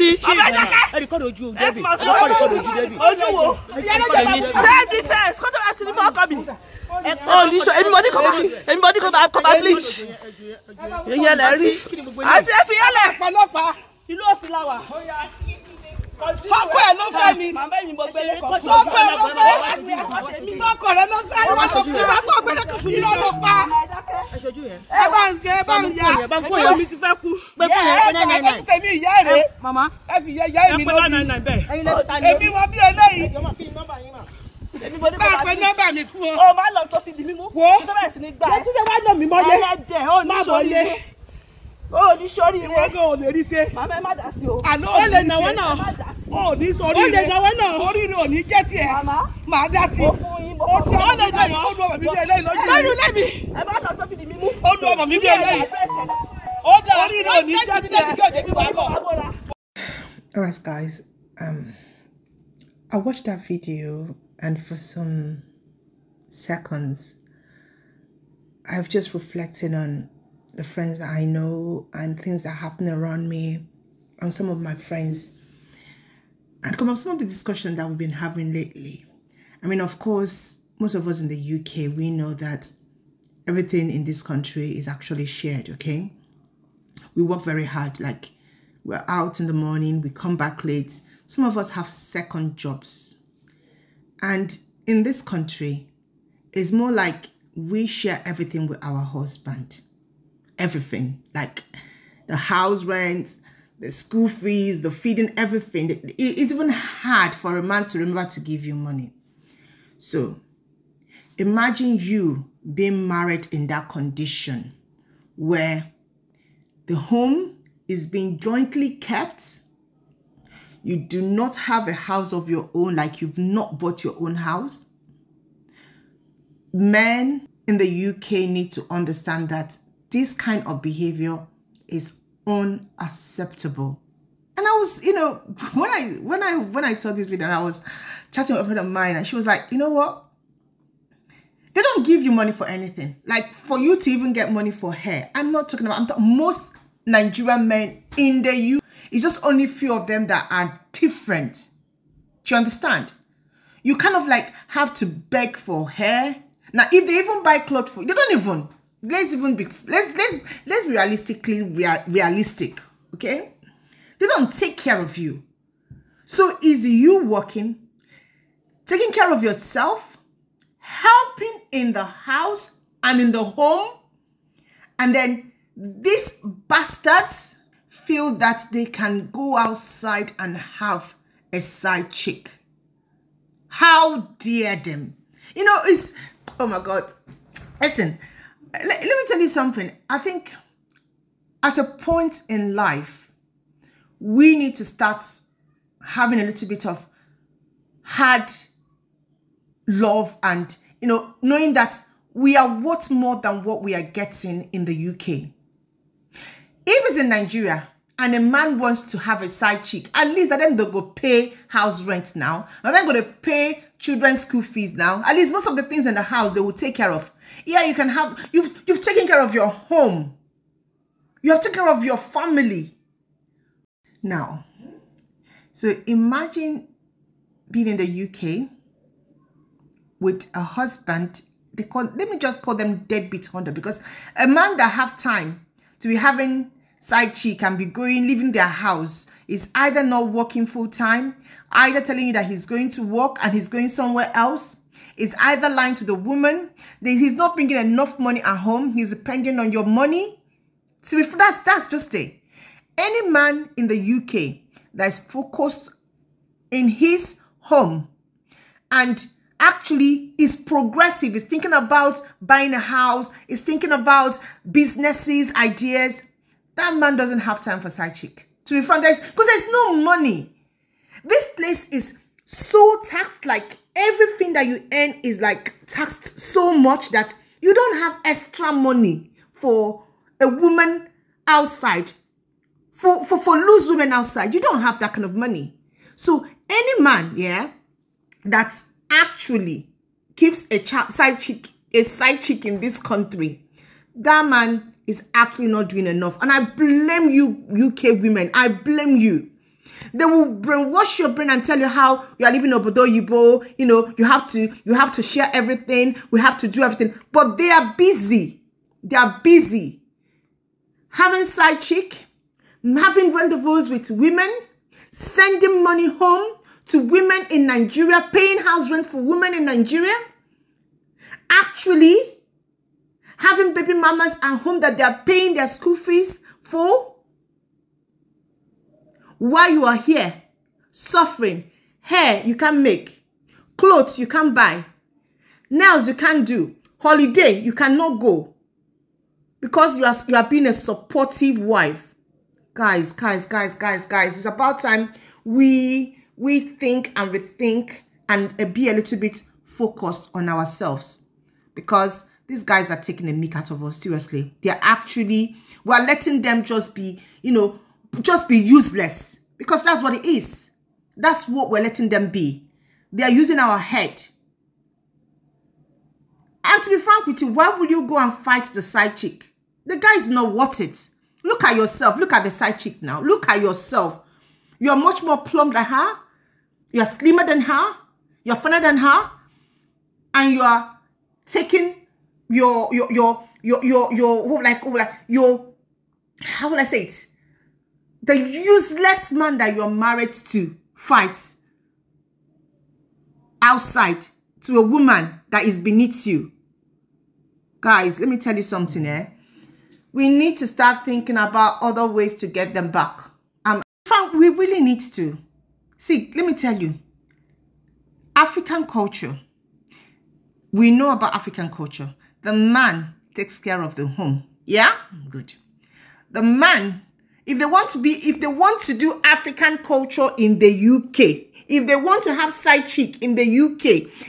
sí. ọbẹ̀ dákẹ́. ẹ rìkọ́dù ojú ojú débi ọkọ rìkọ́dù ojú débi. ojú wo self defence kó tó bá sinmi fún ọkọ mi. oníṣọ oh, èmi mọ ní kọba èmi mọ ní kọba kọba bleach. ìyẹn lẹ rí. àti ẹ fi yẹn lẹ. ọlọ́pàá ìlú òfin la wà fọkọ ẹ ló fẹ́ mi fọkọ ẹ ló fẹ́ mi fọkọ rẹ ló fẹ́ mi wọn lọ kí wọn kọ gbẹdẹkẹ fún mi lọ lọ pa ojú yẹn. ẹ bá ń jẹ ẹ bá ń ya ẹ bá ń fò yẹn mi ti fẹ́ kú. pé fún yẹn pé náírà náírà. ẹ tẹ̀mí ìyá rẹ. mama ẹ fi yẹ ìyá mi lóbi. èmi wọn bí eléyìí. bá a pe nọ́mbà mi fún ọ. o máa lọ tó fi di mímú. wo yẹtúndé wá nà mí mọ́lé. má bọ̀ lé. o ní sórí rẹ. ìwọ gan ò lè rí ṣe. màmá ẹ má dà sí o. àná ò lè nà wọ́n náà. ó ní sọrí rẹ orí rẹ ò ní jẹ́ tiẹ̀ màá dá sí i ó ti Oh no, dá yìí ó lu ọmọ Oh no, eléyìí lójú rẹ lẹ́nu lẹ́bi ó no, ọmọ mi bí eléyìí ó dá orí rẹ ò ní jẹ́ tiẹ̀. All right, guys. Um, I watched that video, and for some seconds, I've just reflected on the friends that I know and things that happen around me, and some of my friends and come up some of the discussion that we've been having lately. I mean, of course, most of us in the UK, we know that everything in this country is actually shared, okay? We work very hard, like we're out in the morning, we come back late. Some of us have second jobs. And in this country, it's more like we share everything with our husband. Everything, like the house rent, the school fees, the feeding, everything. It's even hard for a man to remember to give you money. So imagine you being married in that condition where the home is being jointly kept. You do not have a house of your own, like you've not bought your own house. Men in the UK need to understand that this kind of behavior is unacceptable. And I was, you know, when I when I when I saw this video and I was chatting with a friend of mine, and she was like, you know what? They don't give you money for anything. Like for you to even get money for hair. I'm not talking about I'm most Nigerian men in the U. It's just only few of them that are different. Do you understand? You kind of like have to beg for hair. Now, if they even buy clothes for you, they don't even let's even be let's let's let's be realistically real, realistic okay they don't take care of you so is you working taking care of yourself helping in the house and in the home and then these bastards feel that they can go outside and have a side chick how dare them you know it's oh my god listen let, let me tell you something. I think at a point in life, we need to start having a little bit of hard love and, you know, knowing that we are worth more than what we are getting in the UK. If it's in Nigeria, and a man wants to have a side chick, at least that them they go pay house rent now. and they're going to pay children's school fees now. At least most of the things in the house they will take care of. Here you can have, you've, you've taken care of your home. You have taken care of your family. Now, so imagine being in the UK with a husband. They call, let me just call them deadbeat Honda because a man that have time to be having side chick and be going, leaving their house is either not working full time, either telling you that he's going to work and he's going somewhere else, is either lying to the woman, he's not bringing enough money at home, he's depending on your money. So that's, that's just it. Any man in the UK that is focused in his home and actually is progressive, is thinking about buying a house, is thinking about businesses, ideas, that man doesn't have time for side chick. To be frank, because there's no money. This place is so taxed like everything that you earn is like taxed so much that you don't have extra money for a woman outside for for, for loose women outside you don't have that kind of money so any man yeah that actually keeps a chap side chick a side chick in this country that man is actually not doing enough and i blame you uk women i blame you they will brainwash your brain and tell you how you are living obodo yibo. You know, you have to you have to share everything. We have to do everything. But they are busy. They are busy having side chick, having rendezvous with women, sending money home to women in Nigeria, paying house rent for women in Nigeria. Actually, having baby mamas at home that they are paying their school fees for while you are here, suffering, hair you can't make, clothes you can't buy, nails you can't do, holiday you cannot go because you are, you are being a supportive wife. Guys, guys, guys, guys, guys, it's about time we, we think and rethink and uh, be a little bit focused on ourselves because these guys are taking a meek out of us, seriously. They're actually, we're letting them just be, you know, just be useless because that's what it is. That's what we're letting them be. They are using our head. And to be frank with you, why would you go and fight the side chick? The guy is not worth it. Look at yourself. Look at the side chick now. Look at yourself. You're much more plump than her. You're slimmer than her. You're funner than her. And you are taking your, your, your, your, your, your, your like, like, your, how will I say it? the useless man that you're married to fight outside to a woman that is beneath you. Guys, let me tell you something, eh? We need to start thinking about other ways to get them back. Um, we really need to. See, let me tell you, African culture, we know about African culture. The man takes care of the home. Yeah? Good. The man if they want to be if they want to do african culture in the uk if they want to have side chick in the uk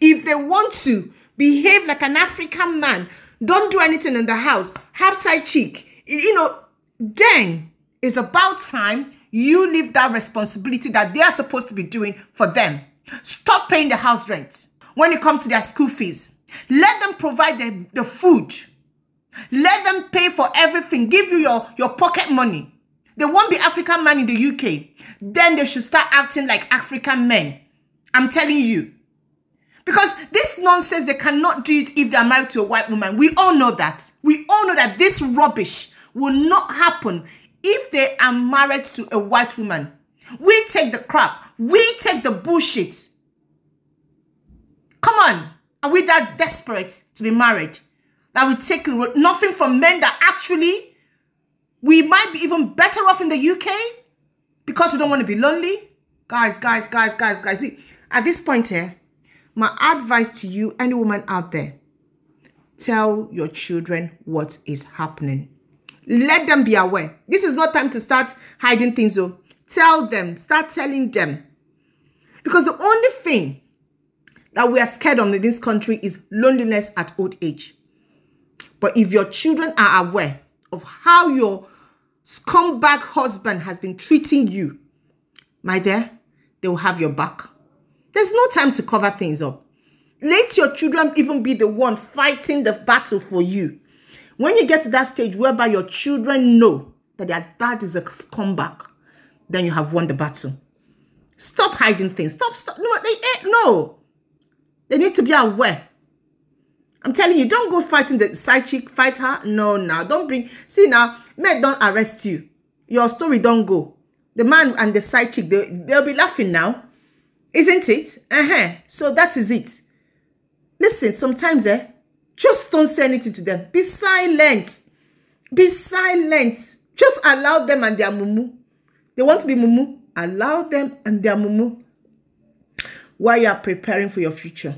if they want to behave like an african man don't do anything in the house have side chick you know then it's about time you leave that responsibility that they are supposed to be doing for them stop paying the house rent when it comes to their school fees let them provide the, the food let them pay for everything give you your, your pocket money they won't be African men in the UK. Then they should start acting like African men. I'm telling you. Because this nonsense, they cannot do it if they're married to a white woman. We all know that. We all know that this rubbish will not happen if they are married to a white woman. We take the crap. We take the bullshit. Come on. Are we that desperate to be married? That we take nothing from men that actually we might be even better off in the UK because we don't want to be lonely. Guys, guys, guys, guys, guys. See, at this point here, eh, my advice to you, any woman out there, tell your children what is happening. Let them be aware. This is not time to start hiding things, So oh. Tell them, start telling them. Because the only thing that we are scared of in this country is loneliness at old age. But if your children are aware, of how your scumbag husband has been treating you, my dear, they will have your back. There's no time to cover things up. Let your children even be the one fighting the battle for you. When you get to that stage whereby your children know that their dad is a scumbag, then you have won the battle. Stop hiding things. Stop, stop. No, they, eh, no. they need to be aware I'm telling you, don't go fighting the side chick, fight her. No, now. Don't bring. See now, men don't arrest you. Your story don't go. The man and the side chick, they, they'll be laughing now. Isn't it? Uh-huh. So that is it. Listen, sometimes, eh, just don't say anything to them. Be silent. Be silent. Just allow them and their mumu. They want to be mumu. Allow them and their mumu while you are preparing for your future.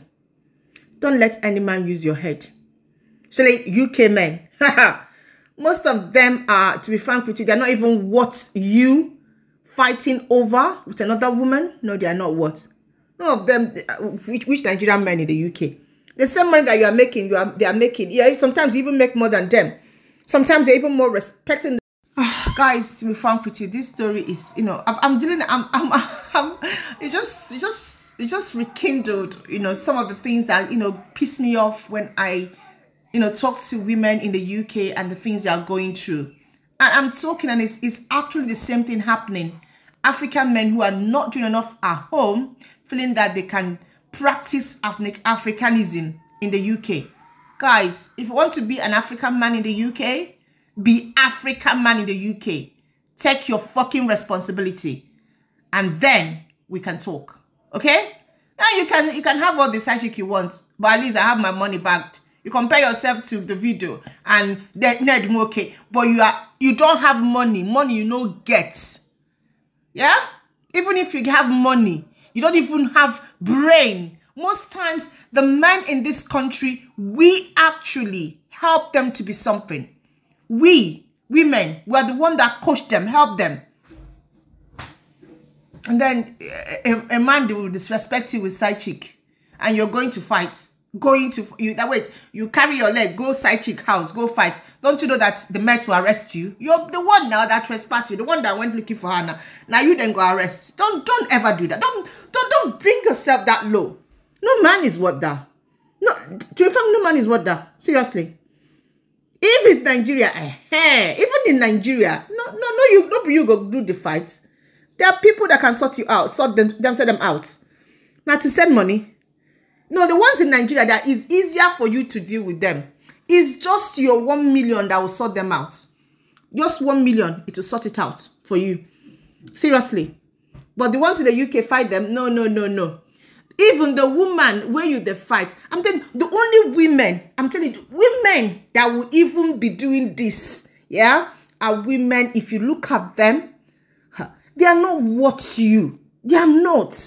Don't let any man use your head. Especially UK men. Most of them are, to be frank with you, they're not even what you fighting over with another woman. No, they are not what. None of them, uh, which, which Nigerian men in the UK? The same money that you are making, you are, they are making. Yeah, sometimes even make more than them. Sometimes you're even more respecting ah, guys to be frank with you this story is you know i'm, I'm dealing I'm, I'm i'm it's just it's just it just rekindled you know some of the things that you know piss me off when i you know talk to women in the uk and the things they are going through and i'm talking and it's, it's actually the same thing happening african men who are not doing enough at home feeling that they can practice africanism in the uk guys if you want to be an african man in the uk be african man in the uk take your fucking responsibility and then we can talk. Okay? Now you can you can have all the sashik you want, but at least I have my money backed. You compare yourself to the video and Ned Moke, but you are you don't have money. Money you know gets, Yeah? Even if you have money, you don't even have brain. Most times, the men in this country, we actually help them to be something. We, women, we are the one that coach them, help them. And then a, eh, eh, a man they will disrespect you with side chick, and you're going to fight. Going to you that wait, you carry your leg, go side chick house, go fight. Don't you know that the Met will arrest you? You're the one now that trespassed you, the one that went looking for her now. Now you then go arrest. Don't don't ever do that. Don't don't don't bring yourself that low. No man is worth that. No, to be frank, no man is worth that. Seriously. If it's Nigeria, eh, eh even in Nigeria, no, no, no, you, no, you go do the fight. There are people that can sort you out, sort them, themselves them out. Now to send money. No, the ones in Nigeria that is easier for you to deal with them. It's just your one million that will sort them out. Just one million, it will sort it out for you. Seriously. But the ones in the UK fight them. No, no, no, no. Even the woman where you the fight. I'm telling you, the only women, I'm telling you, women that will even be doing this, yeah, are women. If you look at them, they are not worth you. They are not.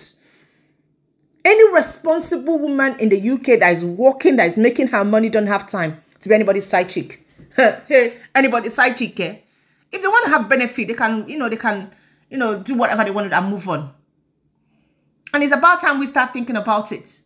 Any responsible woman in the UK that is working, that is making her money, don't have time to be anybody's side chick. hey, anybody's side chick, eh? If they want to have benefit, they can, you know, they can, you know, do whatever they want and move on. And it's about time we start thinking about it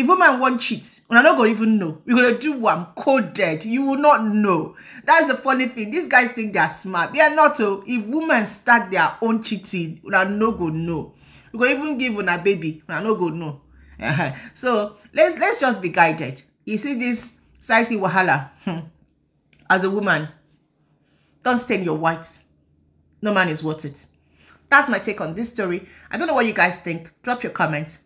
if woman wan cheat not going go even know we gonna do am coded you will not know that's the funny thing these guys think they are smart they are not so. Oh. if women start their own cheating una no go know we go even give on a baby una no go know so let's let's just be guided you see this society wahala hmm. as a woman don't stain your white no man is worth it that's my take on this story i don't know what you guys think drop your comment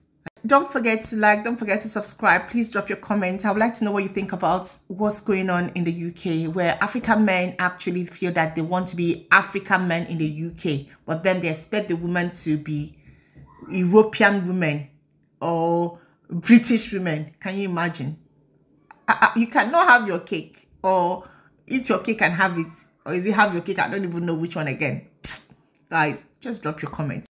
don't forget to like, don't forget to subscribe. Please drop your comments. I would like to know what you think about what's going on in the UK, where African men actually feel that they want to be African men in the UK, but then they expect the women to be European women or British women. Can you imagine? you cannot have your cake or eat your cake and have it or is it have your cake i don't even know which one again guys just drop your comments